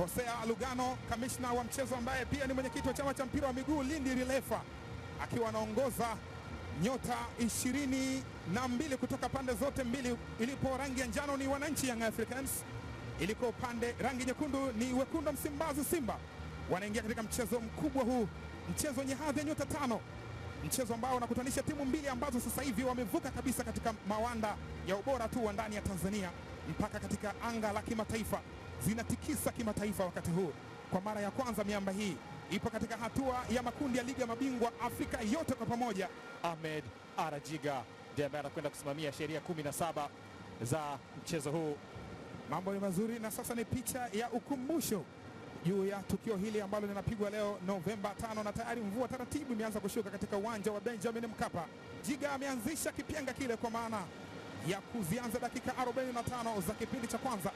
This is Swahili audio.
Hosea Lugano, kamishna wa mchezo ambaye pia ni mwenyekiti wa chama cha mpira wa miguu Lindi Rilefa, akiwa anaongoza nyota ishirini na mbili kutoka pande zote mbili. Ilipo rangi ya njano ni wananchi Young Africans, iliko pande rangi nyekundu ni wekundu Msimbazi Simba. Wanaingia katika mchezo mkubwa huu, mchezo wenye hadhi ya nyota tano, mchezo ambao unakutanisha timu mbili ambazo sasa hivi wamevuka kabisa katika mawanda ya ubora tu wa ndani ya Tanzania mpaka katika anga la kimataifa zinatikisa kimataifa wakati huu. Kwa mara ya kwanza miamba hii ipo katika hatua ya makundi ya ligi ya mabingwa Afrika yote kwa pamoja. Ahmed Arajiga ndiye ambaye anakwenda kusimamia sheria kumi na saba za mchezo huu. Mambo ni mazuri, na sasa ni picha ya ukumbusho juu ya tukio hili ambalo linapigwa leo Novemba tano, na tayari mvua taratibu imeanza kushuka katika uwanja wa Benjamin Mkapa. Jiga ameanzisha kipenga kile kwa maana ya kuzianza dakika 45 za kipindi cha kwanza.